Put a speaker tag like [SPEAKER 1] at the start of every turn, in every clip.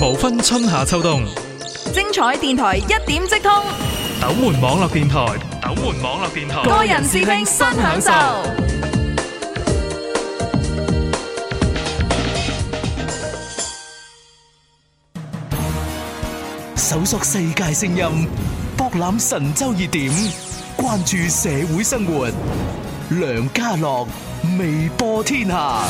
[SPEAKER 1] 無分春夏秋冬，
[SPEAKER 2] 精彩電台一點即通。
[SPEAKER 1] 斗門網絡電台，斗門網絡電台，個人
[SPEAKER 2] 視聽，新享受。搜索世界聲音，博覽神州熱點，關注社會生活。梁家樂，微播天下。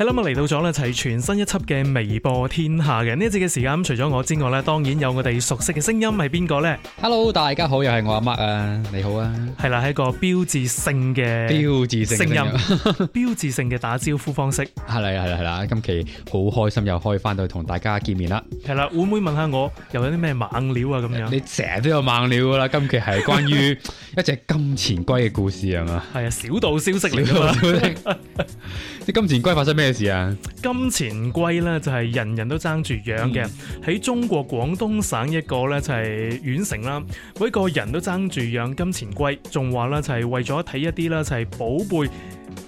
[SPEAKER 1] 係啦，咁嚟到咗咧，齊、就係、全新一輯嘅微播天下嘅呢只嘅時間，除咗我之外咧，當然有我哋熟悉嘅聲音，係邊個呢？Hello，大家好，又係我阿 Mark 啊！你好啊！係啦，係一個標誌性嘅標誌性聲音，標誌性嘅打招
[SPEAKER 3] 呼方式。係啦， 係啦，係啦，今期好開心，又可以翻到同大家見面啦！
[SPEAKER 1] 係啦，會唔會問下我又有啲咩猛料啊？咁樣，你
[SPEAKER 3] 成日都有猛料噶啦！今期係關於一隻金錢龜嘅故事啊嘛？
[SPEAKER 1] 係啊 吧，小道消息嚟噶嘛？啲
[SPEAKER 3] 金錢龜發生咩？咩事啊？
[SPEAKER 1] 金錢龜咧就係人人都爭住養嘅，喺、嗯、中國廣東省一個咧就係縣城啦，每一個人都爭住養金錢龜，仲話咧就係為咗睇一啲咧就係寶貝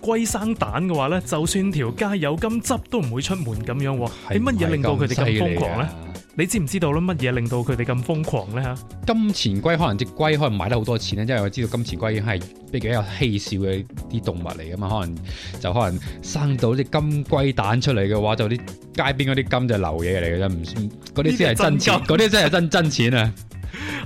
[SPEAKER 1] 龜生蛋嘅話咧，就算條街有金執都唔會出門咁樣喎。係乜嘢令到佢哋咁瘋狂咧？你知唔知道咧？乜嘢令到佢哋咁瘋狂咧？嚇金錢龜可能隻龜可能買得好多錢咧，因為
[SPEAKER 3] 我知道金錢龜已經係比較稀少嘅啲動物嚟㗎嘛，可能就可能生到啲金龜蛋出嚟嘅話，就啲街邊嗰啲金就流嘢嚟嘅啫，唔嗰啲先係真錢，啲先係真真， 真錢啊！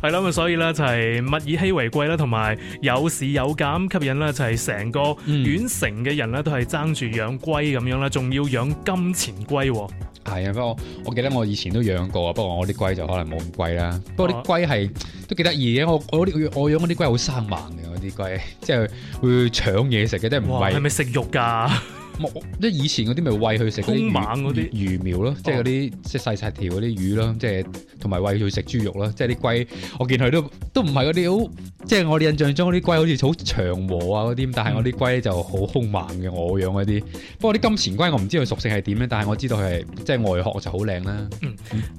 [SPEAKER 1] 係啦，咁所以咧就係物以稀為貴啦，同埋有市有減吸引咧，就係成個縣城嘅人咧都係爭住養龜咁樣啦，仲要養金錢龜。
[SPEAKER 3] 係啊、嗯，不過我，我記得我以前都養過啊，不過我啲龜就可能冇咁貴啦。不過啲龜係都幾得意嘅，我我呢我養嗰啲龜好生猛嘅，嗰啲龜即係會搶嘢食嘅，即係唔係。係咪食肉噶？莫即以前嗰啲咪喂佢食嗰啲猛嗰啲魚苗咯，即係嗰啲即係細細條嗰啲魚咯，即係同埋喂佢食豬肉咯。即係啲龜，我見佢都都唔係嗰啲好，即係我哋印象中嗰啲龜好似好長和啊嗰啲，但係我啲龜就好兇猛嘅。我養嗰啲，不過啲金錢龜我唔知佢屬性係點咧，但係我知道佢係即係外殼就好靚啦。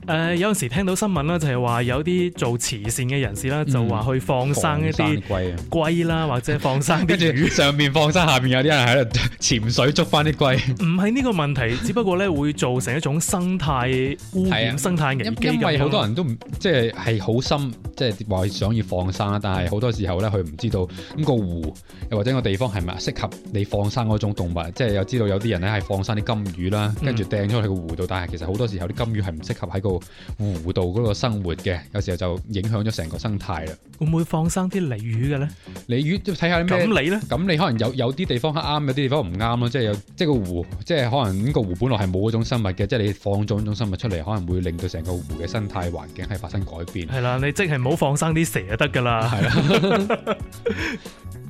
[SPEAKER 3] 嗯，
[SPEAKER 1] 有陣時聽到新聞啦，就係話有啲做慈善嘅人士啦，就話去放生一啲龜啦，或者放生，跟住魚上面放生，下面有啲人喺度潛水捉。翻啲龜，唔係呢個問題， 只不過咧會造成一種生態 污染、生態危機咁。因為好多人都
[SPEAKER 3] 唔即係係好心，即係話想要放生啦，但係好多時候咧佢唔知道咁個湖又或者個地方係咪適合你放生嗰種動物？即係又知道有啲人咧係放生啲金魚啦，跟住掟出去個湖度，嗯、但係其實好多時候啲金魚係唔適合喺個湖度嗰個生活嘅，有時候就影響咗成個生態啦。
[SPEAKER 1] 會唔會放生啲鯉魚嘅咧？鯉魚睇下咩？咁你
[SPEAKER 3] 咧？咁你，你可能有有啲地方啱，有啲地方唔啱咯，即係有。即係個湖，即係可能呢個湖本來係冇嗰種生物嘅，即係你放咗嗰種生物出嚟，可能會令到成個湖嘅生態環境係發生改變。
[SPEAKER 1] 係啦，你即係唔好放生啲蛇就得㗎啦。係啦。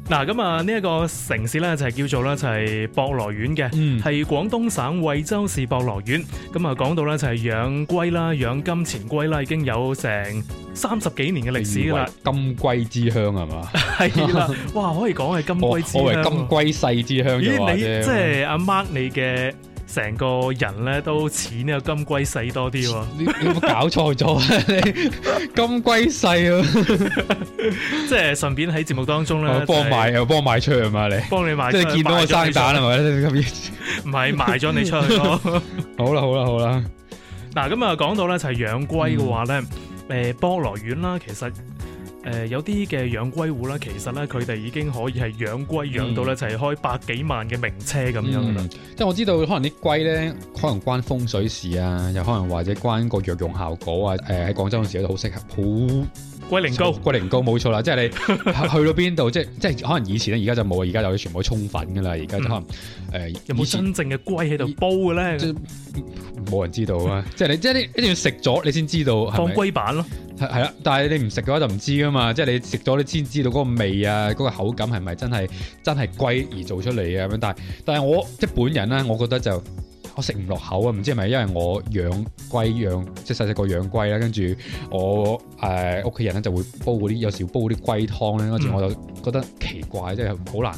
[SPEAKER 1] 嗱咁啊，呢一個城市咧就係、是、叫做咧就係博羅縣嘅，係廣、嗯、東省惠州市博羅縣。咁啊，講到咧就係養龜啦，養金錢龜啦，已經有成三十幾年嘅歷史噶啦。
[SPEAKER 3] 金龜之鄉係嘛？
[SPEAKER 1] 係啦， 哇，可以講係金龜， 我為金
[SPEAKER 3] 龜世之
[SPEAKER 1] 鄉咦，你， 即係阿 Mark 你嘅。成個人咧都似呢個金龜細多啲喎，啊，你你有冇搞
[SPEAKER 3] 錯咗？你
[SPEAKER 1] 金龜細世、啊， 即係順便喺節目當中咧幫賣又
[SPEAKER 3] 幫我賣出去嘛你，幫你賣，即係見到我生蛋係咪咧？
[SPEAKER 1] 咁唔係賣咗你出去咯。好啦好啦好啦，嗱咁啊，講到咧就係養龜嘅話咧，誒、嗯呃、菠蘿丸啦，其實。誒、呃、有啲嘅養龜戶啦，其實咧佢哋已經可以係養龜養到咧就係開百幾萬嘅名車咁、嗯、樣、嗯、
[SPEAKER 3] 即係我知道可能啲龜咧，可能關風水事啊，又可能或者關個藥用效果啊。誒、呃、喺廣州嗰時咧好適合，好、嗯、龜苓膏。龜苓膏冇錯啦，即係你去到邊度， 即係即係可能以前咧，而家就冇，而家就全部沖粉噶啦。而家就可能誒、嗯呃、有冇前真正嘅龜喺度煲嘅咧？冇人知道啊！ 即係你即係一定要食咗你先知道，是是放龜板咯。係啦，但係你唔食嘅話就唔知啊嘛，即係你食咗你先知道嗰個味啊，嗰個口感係咪真係真係龜而做出嚟啊。咁樣？但係但係我即係本人咧，我覺得就我食唔落口啊，唔知係咪因為我養龜養即係細細個養龜啦，跟住我誒屋企人咧就會煲嗰啲有時煲啲龜湯咧，跟住我就覺得奇怪，即係好難。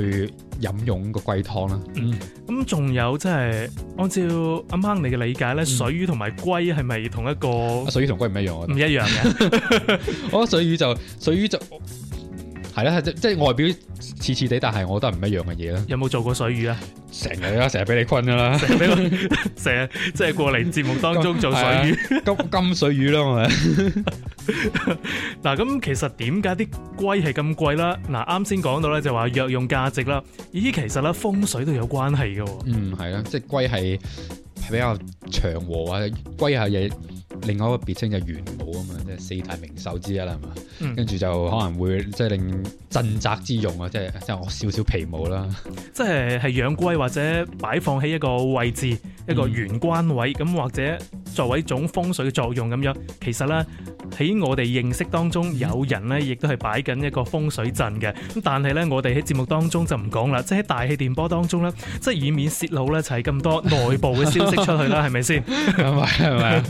[SPEAKER 3] 去飲用個龜湯啦。嗯，
[SPEAKER 1] 咁仲有即係按照啱啱你嘅理解咧，水魚同埋龜係咪同一個？水魚同龜唔一樣啊？唔一樣嘅，我覺得水魚就水魚就。
[SPEAKER 3] 係啦，即係外表似似哋，但係我覺得係唔一樣嘅嘢啦。
[SPEAKER 1] 有冇做過水魚啊？成日
[SPEAKER 3] 啦，成日俾你坤噶啦，成日即係過嚟節目當中做水魚，金金水魚啦係咪。
[SPEAKER 1] 嗱，咁其實點解啲龜係咁貴啦？嗱，啱先講到咧就話藥用價值啦，咦，其實咧風水都有關係噶。嗯，係啦，即係龜係係比較
[SPEAKER 3] 祥和啊，
[SPEAKER 1] 龜係嘢。另
[SPEAKER 3] 外一個別稱就玄武啊嘛，即係四大名獸之一啦，係嘛？跟住就可能會即係令鎮宅之用啊，即係即係我少少皮毛啦。
[SPEAKER 1] 即係係養龜或者擺放喺一個位置，一個玄關位咁，或者作為一種風水嘅作用咁樣。其實咧喺我哋認識當中，有人咧亦都係擺緊一個風水陣嘅。咁但係咧，我哋喺節目當中就唔講啦。即係喺大氣電波當中咧，即係以免泄露咧，就係咁多內部嘅消息出去啦，係咪先？
[SPEAKER 3] 係咪？係咪？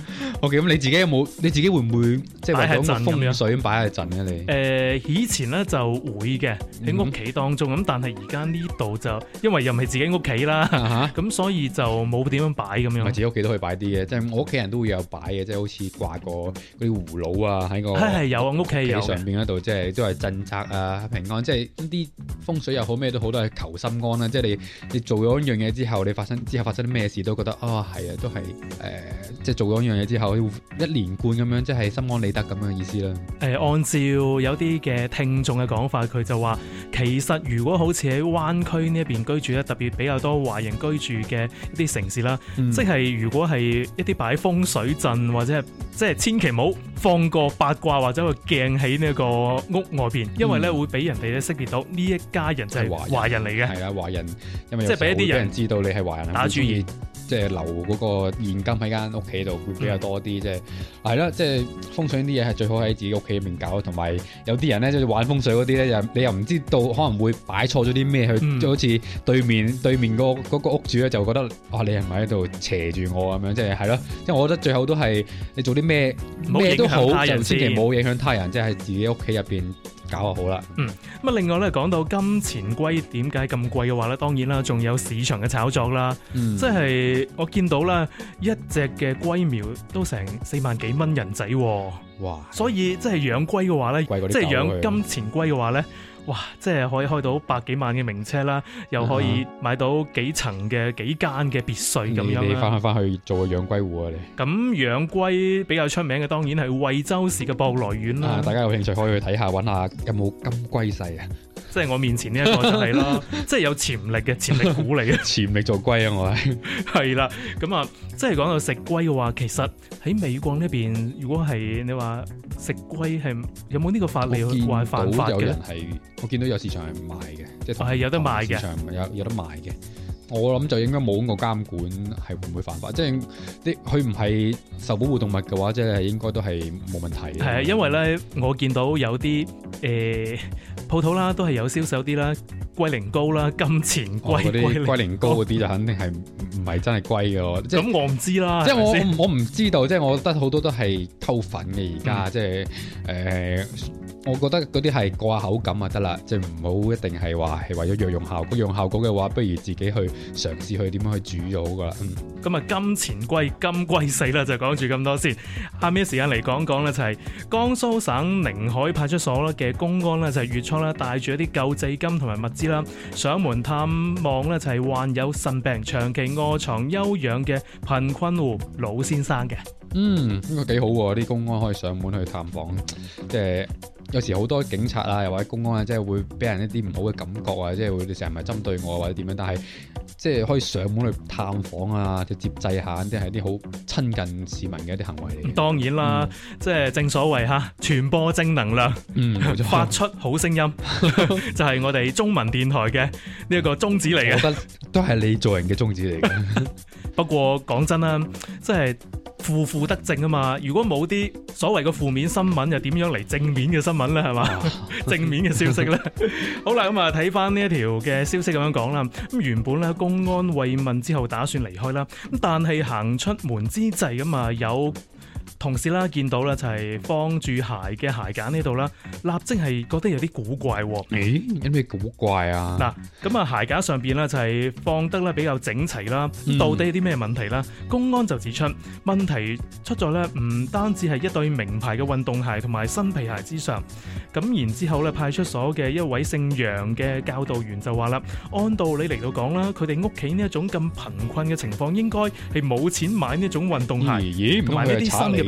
[SPEAKER 3] 咁、嗯、你自己有冇？你自己會唔會即係講風水咁擺下陣咧？你
[SPEAKER 1] 誒、呃、以前咧就會嘅，喺屋企當中咁。但係而家呢度就因為又唔係自己屋企啦，咁、uh huh. 嗯、所以就冇點樣擺咁樣。咪自
[SPEAKER 3] 己屋企都可以擺啲嘅，即係我屋企人都會有擺嘅，即係好似掛個嗰啲葫蘆啊喺個。係有屋企有。有上面嗰度即係都係鎮宅啊、平安，即係啲風水又好咩都好，都係求心安啦、啊。即係你你做咗一樣嘢之後，你發生之後發生啲咩事都覺得哦，係啊，都係誒、呃呃，即係做咗一樣嘢之後。呃一連貫咁樣，即係心安理得咁樣嘅意思啦。
[SPEAKER 1] 誒、嗯，按照有啲嘅聽眾嘅講法，佢就話，其實如果好似喺灣區呢一邊居住咧，特別比較多華人居住嘅一啲城市啦、嗯，即係如果係一啲擺風水陣或者係，即係千祈唔好放個八卦或者個鏡喺呢個屋外邊，因為咧、嗯、會俾人哋咧識別到呢一家人就係華人嚟嘅，係啦華人，因為即係俾啲人知
[SPEAKER 3] 道你係華人，打主意。即係留嗰個現金喺間屋企度會比較多啲，即係係啦，即係、就是就是、風水啲嘢係最好喺自己屋企入面搞，同埋有啲人咧即係玩風水嗰啲咧，又、就是、你又唔知道可能會擺錯咗啲咩去，嗯、就好似對面對面、那個嗰屋主咧就覺得哇、啊、你係咪喺度斜住我咁樣，即係係咯，即、就、係、是就是、我覺得最好都係你做啲咩咩都好，就千祈唔好影響他人，即、就、係、是、自己屋企入邊。搞就好啦。嗯，
[SPEAKER 1] 咁另外咧，講到金錢龜點解咁貴嘅話咧，當然啦，仲有市場嘅炒作啦。嗯，即係我見到咧，一隻嘅龜苗都成四萬幾蚊人仔啊。哇嘩！所以即係養龜嘅話咧，即係養金錢龜嘅話咧。哇！即係可以開到百幾萬嘅名車啦，又可以買到幾層嘅幾間嘅別墅咁、嗯、樣啦。你翻去翻去
[SPEAKER 3] 做個養龜戶啊？你
[SPEAKER 1] 咁養龜比較出名嘅，當然係惠州市嘅博羅縣啦。大家有興趣可以去睇下，揾下有冇金龜婿啊！即係我面前呢一個就係啦， 即係有潛力嘅潛力股嚟嘅，潛 力做龜啊！我係係啦，咁啊，即係講到食龜嘅話，其實喺美國呢邊，如果係你話食龜係有冇呢個法例去怪犯法嘅？我見到有人係，
[SPEAKER 3] 我見到有市場係唔賣嘅，
[SPEAKER 1] 即、就、係、是啊、有得賣嘅，市場
[SPEAKER 3] 有有得賣嘅。我諗就應該冇咁個監管係會唔會犯法？即係啲佢唔係受保護動物嘅話，即係應該都係冇問題嘅。係
[SPEAKER 1] 啊，因為咧，我見到有啲誒鋪頭啦，都係有銷售啲啦，龜苓膏啦，金錢龜、哦、龜苓
[SPEAKER 3] 膏嗰啲就肯定係唔係真係龜嘅。咁 是我唔知啦。即係我嗎我
[SPEAKER 1] 唔知道，即係我覺得好多都
[SPEAKER 2] 係
[SPEAKER 3] 偷粉嘅而家，嗯、即係誒。呃。我覺得嗰啲係過下口感啊，得啦，即係唔好一定係話係為咗藥用效果藥用效果嘅話，不如自己去嘗試去點樣去煮咗好噶啦。
[SPEAKER 1] 咁啊，金錢歸金歸死啦，就講住咁多先。下面嘅時間嚟講講咧，就係江蘇省寧海派出所咧嘅公安咧，就係月初咧帶住一啲救濟金同埋物資啦，上門探望咧就係患有腎病長期臥牀休養嘅貧困戶老先生嘅。
[SPEAKER 3] 嗯，呢個幾好喎，啲公安可以上門去探訪，即係。有時好多警察啊，又或者公安啊，即係會俾人一啲唔好嘅感覺啊，即係會成日咪針對我或者點樣，但係即係可以上門去探訪啊，就接濟下，即係一啲好親近市民嘅一啲行為嚟。
[SPEAKER 1] 當然啦，嗯、即係正所謂嚇，傳播正能量，嗯、發出好聲音， 就係我哋中文電台嘅呢一個宗旨嚟嘅。我覺得
[SPEAKER 3] 都係你做人嘅宗旨嚟嘅。
[SPEAKER 1] 不過講真啦，即係。負負得正啊嘛！如果冇啲所謂嘅負面新聞，又點樣嚟正面嘅新聞呢？係嘛， 正面嘅消息呢？ 好啦，咁啊睇翻呢一條嘅消息咁樣講啦。咁原本咧公安慰問之後打算離開啦，咁但係行出門之際咁啊有。同事啦，見到啦，就係放住鞋嘅鞋架呢度啦，立即係覺得有啲古怪喎。誒，有咩古怪啊？嗱、欸，咁啊，啊，鞋架上邊咧就係放得咧比較整齊啦。嗯、到底係啲咩問題啦？公安就指出問題出在咧，唔單止係一對名牌嘅運動鞋同埋新皮鞋之上。咁然之後咧，派出所嘅一位姓楊嘅教導員就話啦：按道理嚟到講啦，佢哋屋企呢一種咁貧困嘅情況，應該係冇錢買呢種運動鞋同埋呢啲新嘅。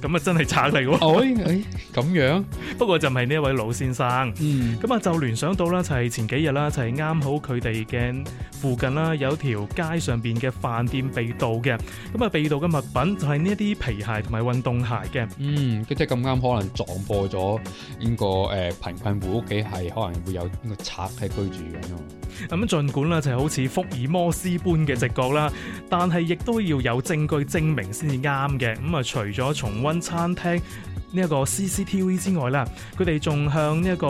[SPEAKER 1] 咁啊，真係賊嚟喎！哎哎，咁樣，不過就唔係呢一位老先生。嗯，咁啊，就聯想到啦，就係前幾日啦，就係啱好佢哋嘅附近啦，有條街上邊嘅飯店被盜嘅。咁啊，被盜嘅物品就係呢一啲皮鞋同埋運動鞋嘅。嗯，即係咁啱，可能撞破咗呢個誒
[SPEAKER 3] 貧困戶屋企，係可能會有呢個賊喺居住緊。
[SPEAKER 1] 咁啊，儘管啦，就係好似福爾摩斯般嘅直覺啦，嗯、但係亦都要有證據證明先至啱嘅。咁啊，除咗從揾餐廳呢一個 CCTV 之外啦，佢哋仲向呢一個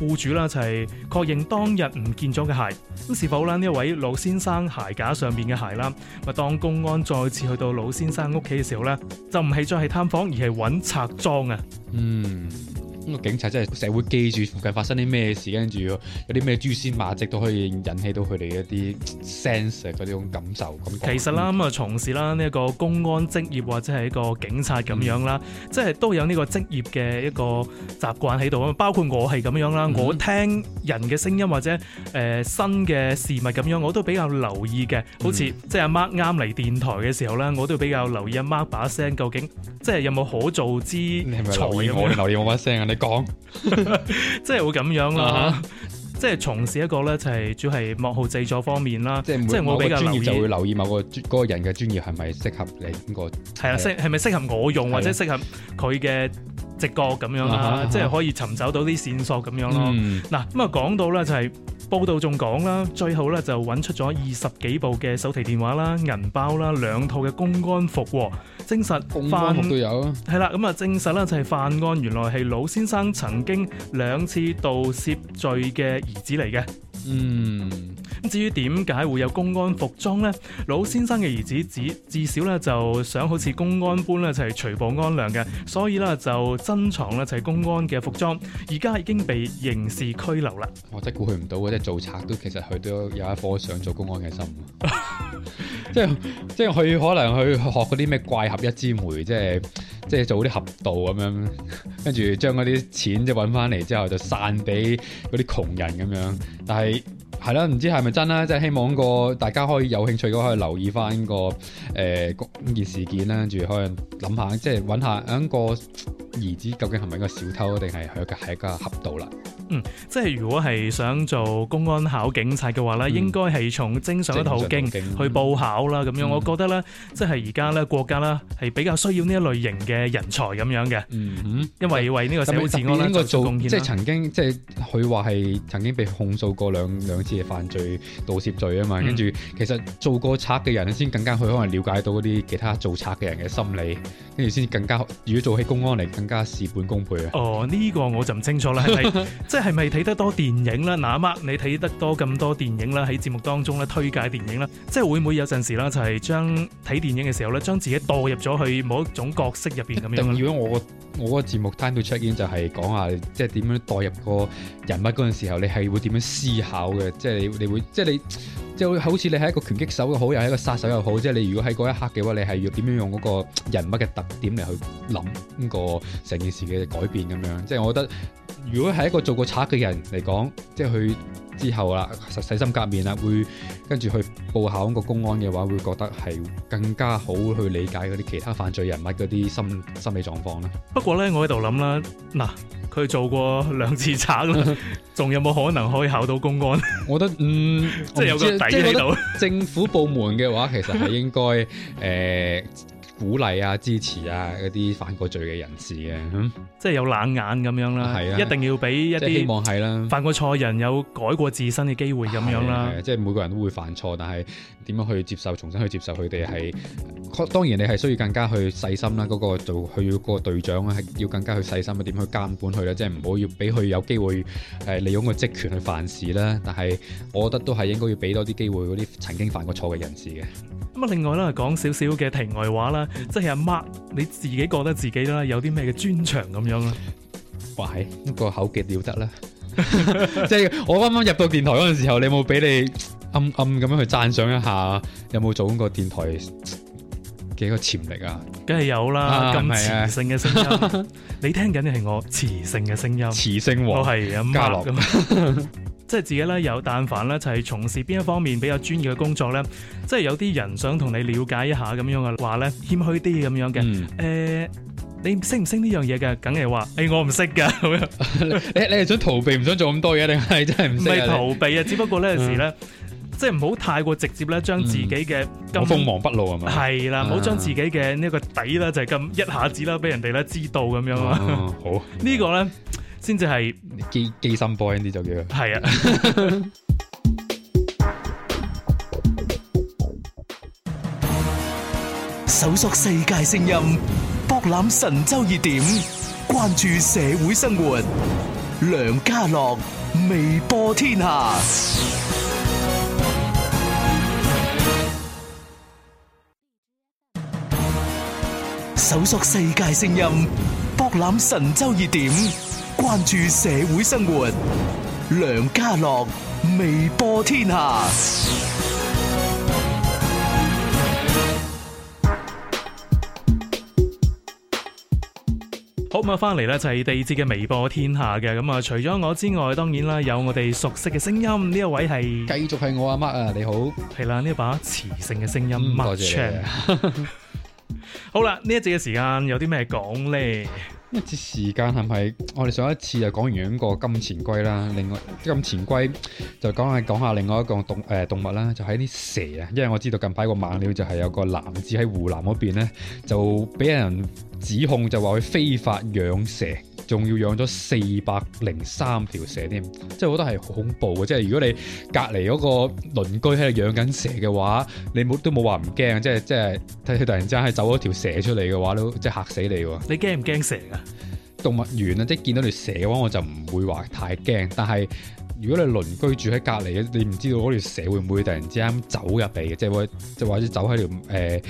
[SPEAKER 1] 僱主啦，就係確認當日唔見咗嘅鞋。咁是否啦？呢一位老先生鞋架上面嘅鞋啦，咪當公安再次去到老先生屋企嘅時候咧，就唔係再係探訪，而係揾拆裝啊。嗯。
[SPEAKER 3] 個警察真係社會記住附近發生啲咩事，跟住有啲咩蛛絲馬跡都可以引起到佢哋一啲 sense 嗰種感受。咁
[SPEAKER 1] 其實啦，咁啊從事啦呢一個公安職業或者係一個警察咁樣啦，嗯、即係都有呢個職業嘅一個習慣喺度啊。包括我係咁樣啦，嗯、我聽人嘅聲音或者誒、呃、新嘅事物咁樣，我都比較留意嘅。嗯、好似即係阿 Mark 啱嚟電台嘅時候啦，我都比較留意阿、啊、Mark 把聲究竟即係有冇可造之才咁樣。係咪留
[SPEAKER 3] 意我把聲啊？ 講
[SPEAKER 1] 即係會咁樣啦， 啊、即係從事一個咧就係主要係幕後製作方面啦。即係我比較留意就會
[SPEAKER 3] 留意某個個人嘅專業係咪適合你呢、這個？係啊，適
[SPEAKER 1] 係咪適合我用了或者適合佢嘅直覺咁樣啦？啊啊、即係可以尋找到啲線索咁、嗯、樣咯。嗱、嗯，咁、嗯、啊講到咧就係、是。報道仲講啦，最後咧就揾出咗二十幾部嘅手提電話啦、銀包啦、兩套嘅公安服喎，證實犯案都有，係啦，咁啊證實咧就係犯案原來係老先生曾經兩次盜竊罪嘅兒子嚟嘅。嗯，咁至於點解會有公安服裝咧？老先生嘅兒子只至少咧就想好似公安般咧就係除暴安良嘅，所以咧就珍藏咧就係公安嘅服裝，而家已經被刑事拘留啦。
[SPEAKER 3] 我真估佢唔到嘅，即係做賊都其實佢都有一顆想做公安嘅心， 即係即係佢可能去學嗰啲咩怪俠一枝梅，即係。即係做啲俠盜咁樣，跟住將嗰啲錢即係揾翻嚟之後，就散俾嗰啲窮人咁樣。但係係咯，唔知係咪真啦？即係希望個大家可以有興趣嘅可以留意翻個誒公益、呃、事件啦，跟住可能諗下，即係揾下響個兒子究竟係咪一個小偷定係佢係一個俠盜啦？嗯，
[SPEAKER 1] 即係如果係想做公安考警察嘅話咧，嗯、應該係從正常嘅途徑去報考啦。咁、嗯、樣我覺得咧，即係而家咧國家啦係比較需要呢一類型嘅人才咁樣嘅、嗯。嗯，因為為個呢個社會治安應該做貢獻。即係曾
[SPEAKER 3] 經即係佢話係曾經被控訴過兩兩次嘅犯罪盜竊罪啊嘛。跟住、嗯、其實做過賊嘅人先更加去可能了解到嗰啲其他做賊嘅人嘅心理，跟住先更加如果做起公安嚟更。加事半功倍啊！
[SPEAKER 1] 哦，呢、這個我就唔清楚啦，係咪 即係咪睇得多電影啦？嗱、啊，阿媽你睇得多咁多電影啦，喺節目當中咧推介電影啦，即係會唔會有陣時啦，就係將睇電影嘅時候咧，將自己代入咗去某一種角色入邊咁樣。
[SPEAKER 3] 如果我我個節目 time to check in 就係、是、講下，即係點樣代入個人物嗰陣時候，你係會點樣思考嘅？即係你你會即係你。即係好似你係一個拳擊手又好，又係一個殺手又好，即係你如果喺嗰一刻嘅話，你係要點樣用嗰個人物嘅特點嚟去諗嗰個成件事嘅改變咁樣。即係我覺得。如果係一個做過賊嘅人嚟講，即係佢之後啦，洗心革面啦，會跟住去報考個公安嘅話，會覺得係更加好去理解嗰啲其他犯罪人物嗰啲心心理狀況啦。
[SPEAKER 1] 不過咧，我喺度諗啦，嗱，佢做過兩次賊啦，仲有冇可能可以考到公安？我覺得，嗯，即係有個底喺度。
[SPEAKER 3] 政府部門嘅話，其實係應該，誒，鼓勵啊、支持啊嗰啲犯過罪嘅人士嘅，嗯、
[SPEAKER 1] 即係有冷眼咁樣啦，啊啊、一定要俾一啲希望係啦，犯過錯人有改過自身嘅機會咁樣啦，即係、啊啊
[SPEAKER 3] 啊啊啊啊、每個人都會犯錯，但係，點樣去接受，重新去接受佢哋係，當然你係需要更加去細心啦。嗰、嗰個做，佢要嗰個隊長啊，要更加細去細心嘅點去監管佢啦，即係唔好要俾佢有機會誒利用個職權去犯事啦。但係我覺得都係應該要俾多啲機會嗰啲曾經犯過錯嘅人士嘅。
[SPEAKER 1] 咁啊，另外啦，講少少嘅題外話啦，即係阿 Mark，你自己覺得自己啦有啲咩嘅專長咁樣咧？
[SPEAKER 3] 哇，係，那個口技了得啦！即係我啱啱入到電台嗰陣時候，你冇俾你？暗暗咁樣去讚賞一下，有冇做咁個電台嘅一個潛力啊？梗
[SPEAKER 1] 係有啦，咁磁性嘅聲音，你聽緊嘅係我磁性嘅聲音，磁性王係啊，嘉樂咁。即係自己咧有，但凡咧就係從事邊一方面比較專業嘅工作咧，即係有啲人想同你了解一下咁樣嘅話咧，謙虛啲咁樣嘅。誒，你識唔識呢樣嘢嘅？梗係話，誒，我唔識噶咁樣。你你係想逃避唔想做咁多嘢，定係真係唔識啊？逃避啊，只不過呢陣時咧。即係唔好太過直接咧，將自己嘅鋒芒不露係嘛，係啦了，唔好將自己嘅呢一個底啦，就係咁一下子啦，俾人哋咧知道咁樣咯、啊。好 個呢、嗯、是個咧，先至係機機心 boy 呢就叫
[SPEAKER 2] 係啊。搜 索世界聲音，博覽神州熱點，關注社會生活，梁家樂微播天下。搜索世界聲音，博覽神州熱點，關注社會生活。梁家樂，微播天下。
[SPEAKER 1] 好咁啊，翻嚟咧就係、是、第二節嘅微播天下嘅。咁啊，除咗我之外，當然啦，有我哋熟悉嘅聲音，呢一位係繼續係我阿、啊、Mark 啊，你好，係啦，呢把磁性嘅聲音，多、嗯、謝、謝。 好啦，呢一節嘅時間有啲咩講呢？呢
[SPEAKER 3] 一節時間係咪我哋上一次就講完嗰個金錢龜啦？另外金錢龜就講下講下另外一個動誒、呃、動物啦，就係、是、啲蛇啊。因為我知道近排個猛料就係有個男子喺湖南嗰邊呢，就俾人指控就話佢非法養蛇。仲要養咗四百零三條蛇添，即係我覺得係好恐怖嘅。即係如果你隔離嗰個鄰居喺度養緊蛇嘅話，你冇都冇話唔驚。即係即係睇佢突然之間係走咗條蛇出嚟嘅話，都即係嚇死你喎！你驚唔驚蛇啊？動物園啊，即係見到條蛇嘅話，我就唔會話太驚。但係如果你鄰居住喺隔離，你唔知道嗰條蛇會唔會突然之間走入嚟嘅，即係或就或者走喺條誒。呃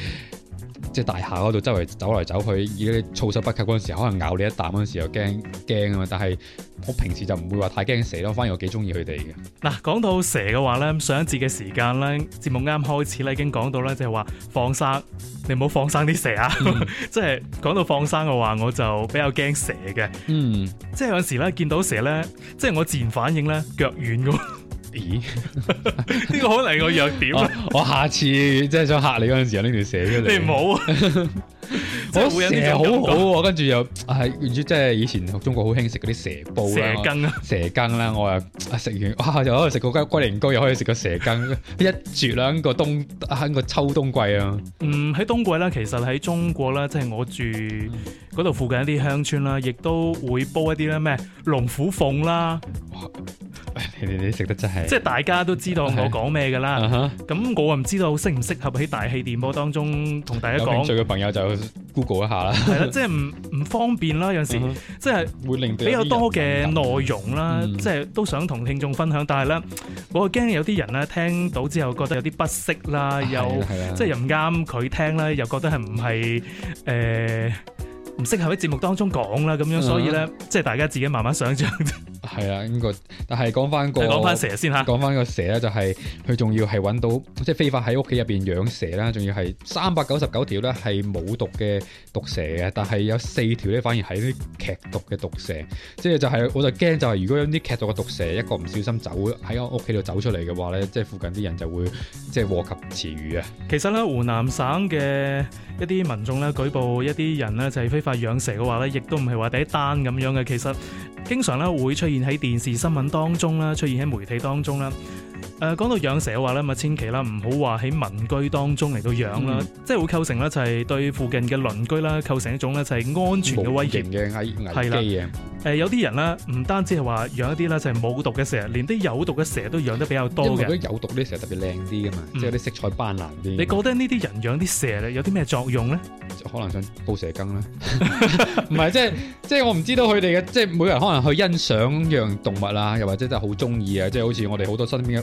[SPEAKER 3] 即係大廈嗰度周圍走嚟走去，而家措手不及嗰陣時，可能咬你一啖嗰陣時又驚驚啊嘛！但係我平時就唔會話太驚蛇咯，反而我幾中意佢哋嘅。
[SPEAKER 1] 嗱，講到蛇嘅話咧，上一節嘅時間咧，節目啱開始咧已經講到咧，即係話放生，你唔好放生啲蛇啊！即係講到放生嘅話，我就比較驚蛇嘅。嗯，即係有時咧見到蛇咧，即係我自然反應咧腳軟咁。咦？呢 個可能係個弱點 我，
[SPEAKER 3] 我下次即係想吓你嗰陣時，拎條蛇出嚟。你唔好
[SPEAKER 1] 啊！我蛇好好，
[SPEAKER 3] 啊，跟住又係、 啊，原來即係以前中國好興食嗰啲蛇煲、蛇羹，啊、蛇羹啦，啊。我又食完，哇，又可以食個龜龜苓膏，又可以食個蛇羹， 一住兩個冬，喺個秋冬季啊。嗯，
[SPEAKER 1] 喺冬季咧，其實喺中國啦，即係我住嗰度附近一啲鄉村啦，亦都會煲一啲咧咩龍虎鳳啦。
[SPEAKER 3] 你你食得真係，即係
[SPEAKER 1] 大家都知道我講咩噶啦。咁、啊啊啊、我啊唔知道適唔適合喺大氣電波當中同大家講。有興
[SPEAKER 3] 趣嘅朋友就。 Google 一下
[SPEAKER 1] 啦，係啦，即係唔唔方便啦，有陣時、嗯、哼即係會令比較多嘅內容啦，人人人即係都想同聽眾分享，但係咧，我驚有啲人咧聽到之後覺得有啲不適啦，又是的是的即係又唔啱佢聽咧，又覺得係唔係誒唔適合喺節目當中講啦，咁樣，是的 所以咧即係大家自己慢慢想象。的 係啊，呢個，但係講翻個，講翻蛇先吓，講翻個蛇咧、就係，就係佢仲要係揾到，
[SPEAKER 3] 即係非法喺屋企入邊養蛇啦，仲要係三百九十九條咧係冇毒嘅毒蛇嘅，但係有四條咧反而係啲劇毒嘅毒蛇，即係就係、係就係、我就驚就係如果有啲劇毒嘅毒蛇一個唔小心走喺我屋企度走出嚟嘅話咧，即係附近啲人就會即係禍及池魚啊。
[SPEAKER 1] 其實咧，湖南省嘅一啲民眾咧舉報一啲人咧就係、係、非法養蛇嘅話咧，亦都唔係話第一單咁樣嘅，其實。經常咧會出現喺電視新聞當中啦，出現喺媒體當中啦。誒，講到養蛇嘅話咧，咪千祈啦，唔好話喺民居當中嚟到養啦，嗯、即係會構成咧就係對附近嘅鄰居啦，構成一種咧就係安全嘅威脅嘅，危機嘅，係啦了，誒、嗯呃，有啲人咧唔單止係話養一啲咧就係冇毒嘅蛇，連啲有毒嘅蛇都養得比較多嘅。因為有
[SPEAKER 3] 毒啲蛇特別靚啲噶嘛，嗯、即係啲色彩斑斕啲。你
[SPEAKER 1] 覺得呢啲人養啲蛇咧，有啲咩作用咧？
[SPEAKER 3] 可能想煲蛇羹啦，唔係即係即係我唔知道佢哋嘅，即、就、係、是、每人可能去欣賞養動物啦，又或者真係、就是、好中意啊，即係好似我哋好多身邊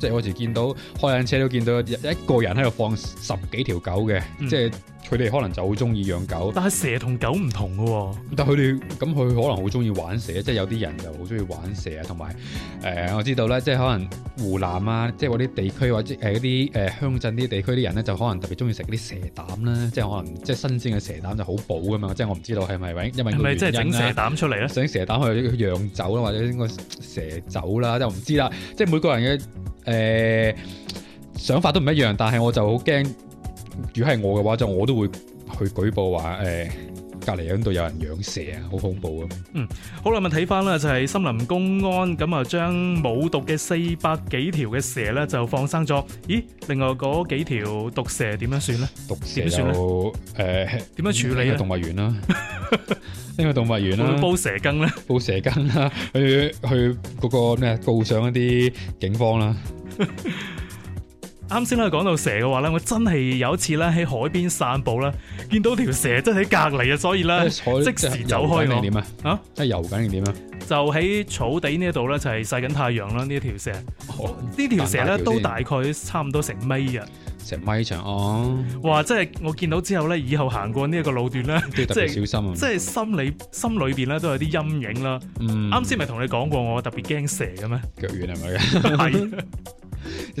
[SPEAKER 3] 即係我時見到開緊車都見到一一個人喺度放十幾條狗嘅，嗯、即係佢哋可能就好中意養狗。但係蛇同狗唔同嘅喎。但係佢哋咁佢可能好中意玩蛇，即係有啲人就好中意玩蛇啊。同埋誒，我知道咧，即係可能湖南啊，即係嗰啲地區或者誒一啲誒、呃、鄉鎮啲地區啲人咧，就可能特別中意食嗰啲蛇膽啦。即係可能即係新鮮嘅蛇膽就好補㗎嘛。即係我唔知道係咪因為，因為原因係咪即係整蛇膽出嚟咧？整蛇膽去釀酒啦，或者應該蛇酒啦，即係我唔知啦。即係每個人嘅。呃誒，想法都唔一樣，但係我就好驚。如果係我嘅話，就我都會去舉報話，誒、欸，隔籬嗰度有人養蛇啊，好恐怖啊！嗯，
[SPEAKER 1] 好啦，咁睇翻啦，就係、是、森林公安咁啊，將冇毒嘅四百幾條嘅蛇咧，就放生咗。咦，另外嗰幾條毒蛇點樣算咧？毒蛇點算咧？
[SPEAKER 3] 誒、呃，點樣處理咧？動物園啦，拎去 動物園啦，煲蛇羹咧，煲蛇羹啦，去去嗰、那個咩，告上一啲警方啦。
[SPEAKER 1] 啱先咧講到蛇嘅話咧，我真係有一次咧喺海邊散步啦，見到條蛇真係喺隔籬啊，所以咧即時走開我。即啊，
[SPEAKER 3] 係游緊定點啊？
[SPEAKER 1] 就喺草地呢度咧，就係晒緊太陽啦。呢條蛇，哦、條蛇呢條蛇咧都大概差唔多成米啊。成米長哦！哇，即係我見到之後咧，以後行過呢一個路段咧，都要是特別小心啊！即係心裏，心裏邊咧都有啲陰影啦。啱先咪同你講過我，我特別驚蛇嘅咩？腳軟係咪嘅？係的，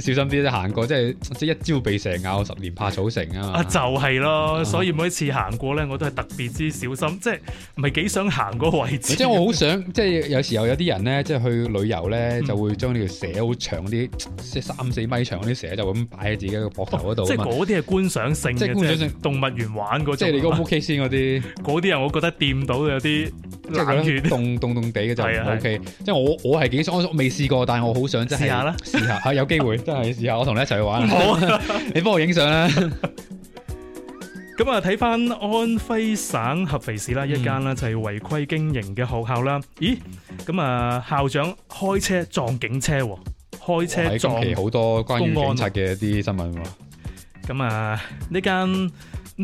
[SPEAKER 1] 小心啲啫，行
[SPEAKER 3] 過即係即係一朝被蛇咬，十年怕草繩啊嘛！啊，
[SPEAKER 1] 就係、是、咯，嗯、所以每一次行過咧，我都係特別之小心，即係唔係幾想行嗰個位置？即係我好
[SPEAKER 3] 想， 即係有時候有啲人咧，即係去旅遊咧，嗯、就會將呢條蛇好長啲，即係三四米長啲蛇就咁擺喺自己嘅膊。即係嗰啲係觀賞
[SPEAKER 1] 性，即係觀賞性，觀賞性動物園玩嗰即係你嗰個 O K 先嗰啲，嗰啲人我覺得掂到有啲冷血凍
[SPEAKER 3] 凍凍地嘅就唔 O K，即係我我係幾想未試過，但係我好想即係試下啦，試下係有機會真係試下，我同你一齊
[SPEAKER 1] 去玩。好啊， 你幫我影相啦。咁啊， 睇翻安徽省合肥市啦，一間啦就係違規經營嘅學校啦。嗯、咦？咁啊，校長開車撞警車。開車撞，近期好多關於警察
[SPEAKER 3] 嘅一啲新聞喎。
[SPEAKER 1] 咁啊安，呢間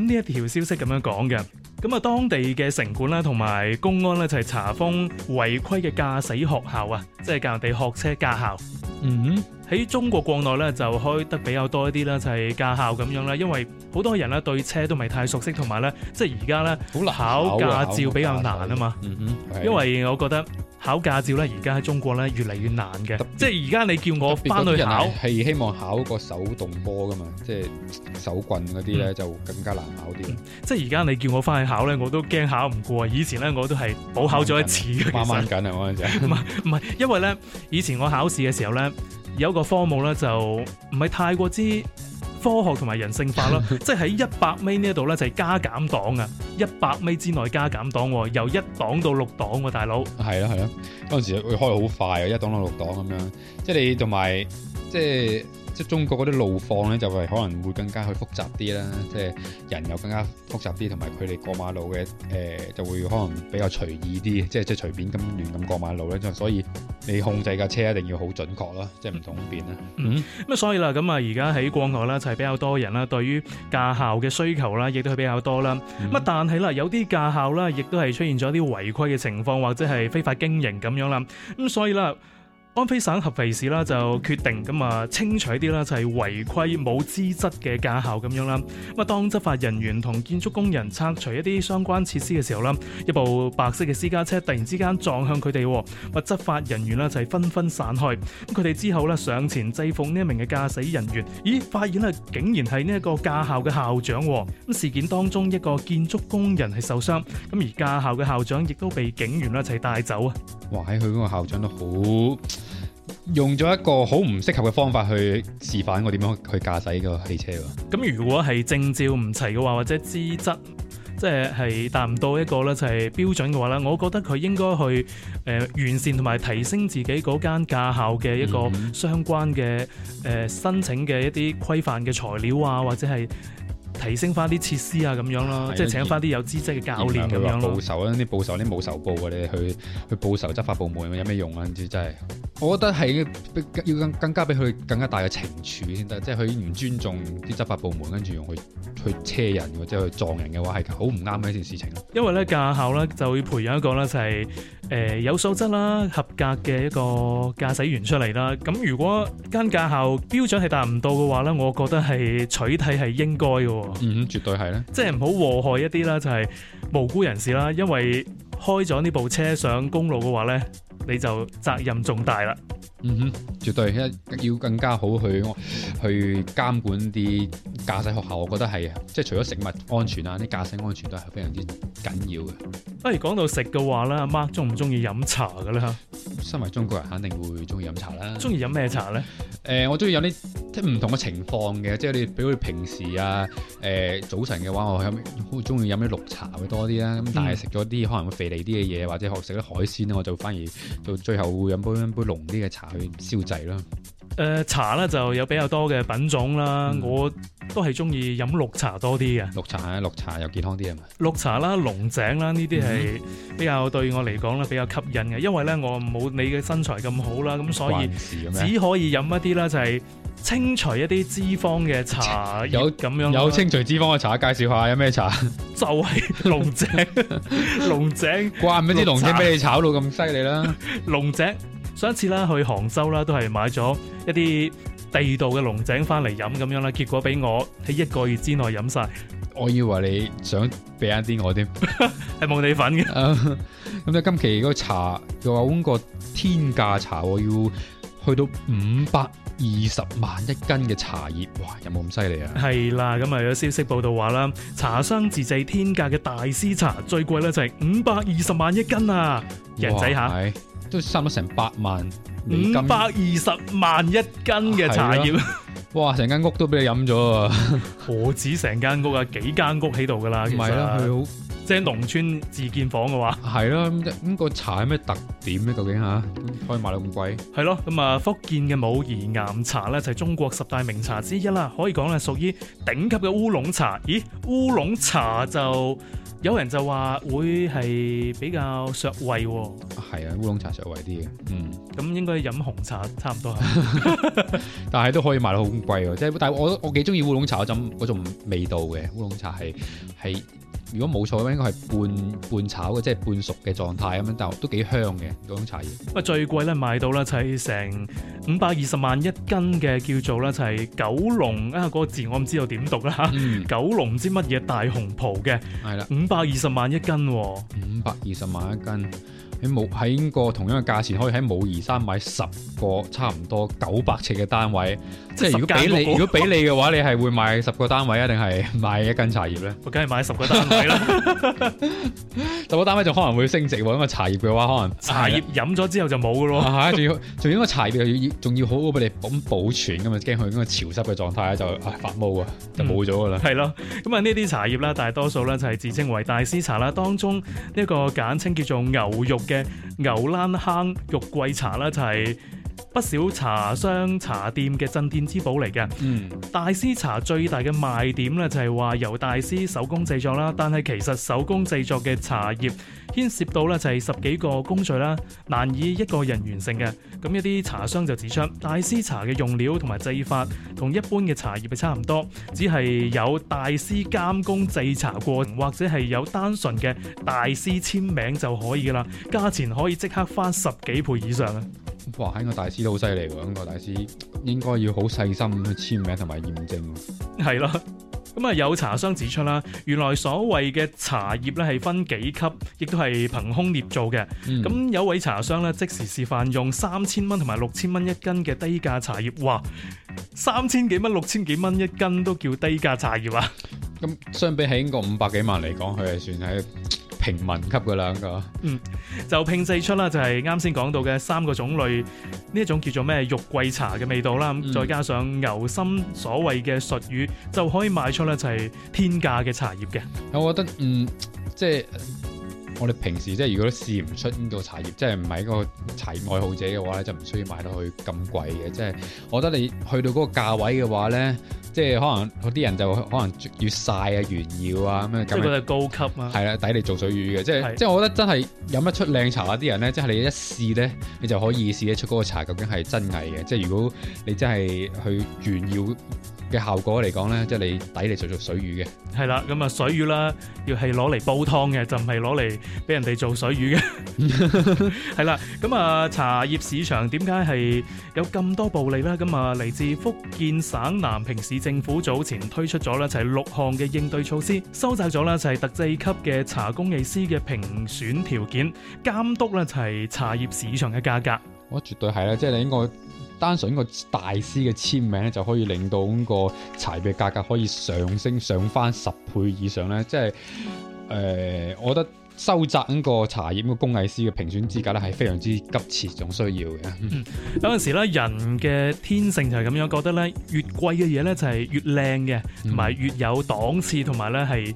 [SPEAKER 1] 呢一條消息咁樣講嘅，咁啊，當地嘅城管啦同埋公安咧就係查封違規嘅駕駛學校啊，即係教人哋學車駕校。嗯。喺中國國內咧就開得比較多一啲啦，就係、是、駕校咁樣啦。因為好多人咧對車都未太熟悉，同埋咧即係而家咧考駕照比較難啊嘛。嗯嗯哼，的因為我覺得考駕照咧而家喺中國咧越嚟越難嘅，別
[SPEAKER 3] 即係而家你叫我翻去考係希望考個手動波噶嘛，即係手棍嗰啲咧就更加難考啲，嗯。
[SPEAKER 1] 即係而家你叫我翻去考咧，我都驚考唔過。以前咧我都係補考咗一次嘅慢慢。慢慢緊啊！嗰陣唔係唔係，因為咧以前我考試嘅時候咧。有個科目咧就唔係太過之科學同埋人性化咯， 即係喺一百米呢一度咧就係加減檔啊！一百米之內加減檔，由一檔到六檔喎，大佬。係咯係咯，嗰陣、啊、時
[SPEAKER 3] 會開好快，一檔到六檔咁樣，即係你同埋即係。即係中國嗰啲路況咧，就係可能會更加去複雜啲啦。即係人又更加複雜啲，同埋佢哋過馬路嘅誒、呃，就會可能比較隨意啲，即係即係隨便咁亂咁過馬路咧。就所以你控制架車一定要好準確咯，即係唔同變啦。
[SPEAKER 1] 咁啊、嗯，所以啦，咁啊，而家喺國外咧就係比較多人啦，對於駕校嘅需求啦，亦都係比較多啦。咁啊、嗯，但係啦，有啲駕校咧，亦都係出現咗啲違規嘅情況，或者係非法經營咁樣啦。咁所以啦。安徽省合肥市啦就決定咁啊清除一啲啦就係違規冇資質嘅駕校咁樣啦。咁啊當執法人員同建築工人拆除一啲相關設施嘅時候啦，一部白色嘅私家車突然之間撞向佢哋，咁啊執法人員啦就係紛紛散去。咁佢哋之後啦上前制服呢一名嘅駕駛人員，咦發現啦竟然係呢一個駕校嘅校長。咁事件當中一個建築工人係受傷，咁而駕校嘅校長亦都被警員啦一齊帶走啊。哇喺佢嗰個
[SPEAKER 3] 校長都好～用咗一個好唔適合嘅方法去示範我點樣去駕駛個汽車喎。
[SPEAKER 1] 咁如果係證照唔齊嘅話，或者資質即係達唔到一個咧就係標準嘅話咧，我覺得佢應該去誒、呃、完善同埋提升自己嗰間駕校嘅一個相關嘅誒、呃、申請嘅一啲規範嘅材料啊，或者係。提升翻啲設施啊，咁樣咯，即係也請翻啲有資質嘅教練咁樣咯。報仇
[SPEAKER 3] 啊！啲報仇啲冇仇報啊，你去去報仇執法部門有咩用啊？跟住真係，我覺得係要更更加俾佢更加大嘅懲處先得，即係佢唔尊重啲執法部門，跟住用，用去去車人，或者去撞人嘅話係好唔啱嘅一件事情。
[SPEAKER 1] 因為咧駕校咧就會培養一個咧就係、是。誒、呃，有素質啦，合格嘅一個駕駛員出嚟啦。咁如果間駕校標準係達唔到嘅話呢，我覺得係取締係應該嘅，喔。嗯，絕對係咧。即係唔好禍害一啲啦，就係無辜人士啦。因為開咗呢部車上公路嘅話呢，你就責任重大啦。
[SPEAKER 3] 嗯哼，絕對要更加好去去監管啲駕駛學校，我覺得係即係除咗食物安全啊，啲駕駛安全都係非常之緊要嘅。
[SPEAKER 1] 不如講到食嘅話啦，阿媽中唔中意飲茶嘅咧？
[SPEAKER 3] 身為中國人，肯定會中意飲茶啦。中意飲咩茶咧？誒、呃，我中意飲啲唔同嘅情況嘅，即係你比如平時啊，誒、呃、早晨嘅話，我好中意飲啲綠茶會多啲啦。咁但係食咗啲可能會肥膩啲嘅嘢，或者學食啲海鮮我就反而到最後會飲杯杯濃啲嘅茶。消滯啦，
[SPEAKER 1] 誒、呃、茶咧就有比較多嘅品種啦，嗯、我都係中意飲綠茶多啲嘅。綠茶啊，綠茶又健康啲啊。綠茶啦，龍井啦，呢啲係比較對我嚟講咧比較吸引嘅，嗯、因為咧我冇你嘅身材咁好啦，咁所以只可以飲一啲啦，就係清除一啲脂肪嘅茶啊。有咁樣，有清除
[SPEAKER 3] 脂肪嘅茶，介紹下有咩茶？
[SPEAKER 1] 就係龍井，龍 井。怪唔之龍井俾你炒到咁犀利啦，龍井。上一次啦，去杭州啦，都係買咗一啲地道嘅龍井翻嚟飲咁樣啦，結果俾我喺一個月之內飲晒。我以為你想俾一啲
[SPEAKER 3] 我添，係冇 你份嘅。咁咧、 嗯，今期嗰個茶又話搵個天價茶，我要去到五百二十萬一斤嘅茶葉，
[SPEAKER 1] 哇！有冇咁犀利啊？係啦，咁啊有消息報道話啦，茶商自製天價嘅大師茶，最貴咧就係五百二十萬一斤啊！人仔吓。都差唔多成百萬斤，五百二十萬一斤嘅茶葉吧， 哇！成間屋都俾你飲咗啊！ 何止成間屋啊？幾間屋喺度噶啦？唔係啦，佢好即係農村自建房嘅話，係啦。 咁、個茶有咩特點咧？究竟吓，可以賣到咁貴？係咯，咁啊福建嘅武夷岩茶咧就係中國十大名茶之一啦，可以講係屬於頂級嘅烏龍茶。咦，烏龍茶就～有人就話會係比較削胃、啊，係啊,啊烏龍茶削胃啲嘅，嗯，咁、嗯嗯、應該飲紅茶差唔多，
[SPEAKER 3] 但係都可以賣到好貴喎。即係但係我我幾中意烏龍茶嗰陣種,種味道嘅烏龍茶係係。如果冇錯咁，應該係半半炒嘅，即係半熟嘅狀態咁樣，但都幾香嘅嗰種茶葉。
[SPEAKER 1] 咪最貴咧賣到咧就係成五百二十萬一斤嘅，叫做咧就係九龍啊！嗰、那個字我唔知道點讀啦嚇。嗯、九龍唔知乜嘢大紅袍嘅，係啦了，五百二十萬一斤喎、哦。五百二十萬一斤。喺冇喺個同樣嘅價錢，可以
[SPEAKER 3] 喺武夷山買十個差唔多九百尺嘅單位。即係如果俾你，如果俾你嘅話，你係會買十個單位啊，定係買一斤茶葉咧？我
[SPEAKER 1] 梗係買十個單位啦。
[SPEAKER 3] 十個單位就可能會升值喎，因為茶葉嘅話，可能茶葉飲咗、啊、了之後就冇嘅咯。仲要仲要，個 茶葉仲要好好俾你保存咁啊，驚佢咁嘅潮濕嘅狀態就發毛啊，就冇咗噶啦。
[SPEAKER 1] 係、哎、咯，咁啊呢啲茶葉咧，大多數咧就係自稱為大師茶啦，當中呢個簡稱叫做牛肉。嘅牛欄坑肉桂茶啦，就係、是，不少茶商茶店嘅鎮店之寶嚟嘅，嗯，大師茶最大嘅賣點咧就係話由大師手工製作啦。但係其實手工製作嘅茶葉牽涉到咧就係十幾個工序啦，難以一個人完成嘅。咁一啲茶商就指出，大師茶嘅用料同埋製法同一般嘅茶葉，係差唔多，只係有大師監工製茶過程，或者係有單純嘅大師簽名就可以噶啦，價錢可以即刻翻十幾倍以上啊！
[SPEAKER 3] 哇！喺個大師都好犀利喎，咁個大師應該要好細心去簽名同埋
[SPEAKER 1] 驗證。係咯，咁啊有茶商指出啦，原來所謂嘅茶葉咧係分幾級，亦都係憑空捏造嘅。咁、嗯、有位茶商咧即時示範用三千蚊同埋六千蚊一斤嘅低價茶葉，哇！三千幾蚊、六千幾蚊一斤都叫低價茶葉啊？咁相比起英國五百幾萬嚟講，佢係算
[SPEAKER 3] 係。平民級嘅兩個，嗯，
[SPEAKER 1] 就拼製出啦，就係啱先講到嘅三個種類，呢一種叫做咩肉桂茶嘅味道啦，嗯，再加上牛心所謂嘅術語，就可以賣出咧就係天價嘅茶葉嘅。我覺得，嗯，即係
[SPEAKER 3] 我哋平時即係如果都試唔出呢個茶葉，即係唔係一個茶葉愛好者嘅話咧，就唔需要買到去咁貴嘅。即係我覺得你去到嗰個價位嘅話咧。即係可能嗰啲人就可能越晒啊，炫耀啊咁樣。即係佢哋
[SPEAKER 1] 高級啊。係
[SPEAKER 3] 啦，抵你做水魚嘅，即係的即係我覺得真係飲得出靚茶啊！啲人咧，即係你一試咧，你就可以試得出嗰個茶究竟係真偽嘅。即係如果你真係去炫耀。嘅效果嚟講咧，即係你抵你就做水魚嘅，
[SPEAKER 1] 係啦。咁啊，水魚啦，要係攞嚟煲湯嘅，就唔係攞嚟俾人哋做水魚嘅。係 啦， 咁啊，茶葉市場點解係有咁多暴利咧？咁啊，嚟自福建省南平市政府早前推出咗咧，就係六項嘅應對措施，收窄咗咧，就係特製級嘅茶工藝師嘅評選條件，監督咧，就係茶葉市場嘅價格。我、哦、
[SPEAKER 3] 絕對係啦，即係你應該。單純個大師嘅簽名咧，就可以令到咁個茶嘅價格可以上升上翻十倍以上咧。即係誒，我覺得收窄呢個茶葉嘅工藝師嘅評選資格咧，係非常之急切，仲需要嘅。有陣、嗯
[SPEAKER 1] 那個、時咧，人嘅天性就係咁樣覺得咧，越貴嘅嘢咧就係、是、越靚嘅，同埋越有檔次，同埋咧係。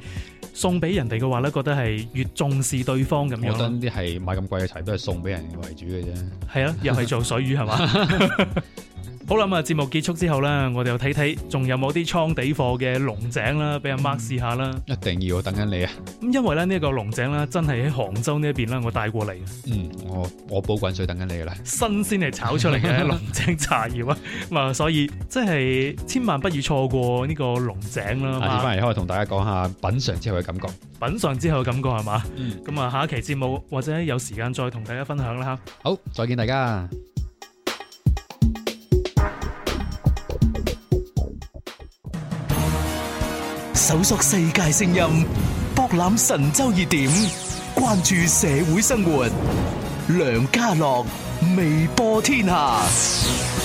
[SPEAKER 1] 送俾人哋嘅話咧，覺得係越重視對方咁樣。我覺
[SPEAKER 3] 得啲係買咁貴嘅柴，都係送俾人為主嘅啫。
[SPEAKER 1] 係啊，又係做水魚，係嘛？ 吧 好啦，咁啊，節目結束之後咧，我哋又睇睇仲有冇啲倉底貨嘅龍井啦、啊，俾阿 Mark 試下啦。一定要等緊你啊！咁因為咧呢、這個龍井咧，真係喺杭州呢邊啦，我帶過嚟嘅。嗯，
[SPEAKER 3] 我我煲滾水等緊你嘅啦。
[SPEAKER 1] 新鮮係炒出嚟嘅龍井茶葉啊，咁啊，所以即係千萬不要錯過呢個龍井啦。下次翻嚟，可以
[SPEAKER 3] 同大家講下品嘗之後嘅感覺。
[SPEAKER 1] 品嘗之後嘅感覺係嘛？嗯。咁啊，下一期節目或者有時間再同大家分享啦，吓。好，再見大家。
[SPEAKER 2] 搜索世界聲音，博覽神州熱點，關注社會生活。梁家樂，微播天下。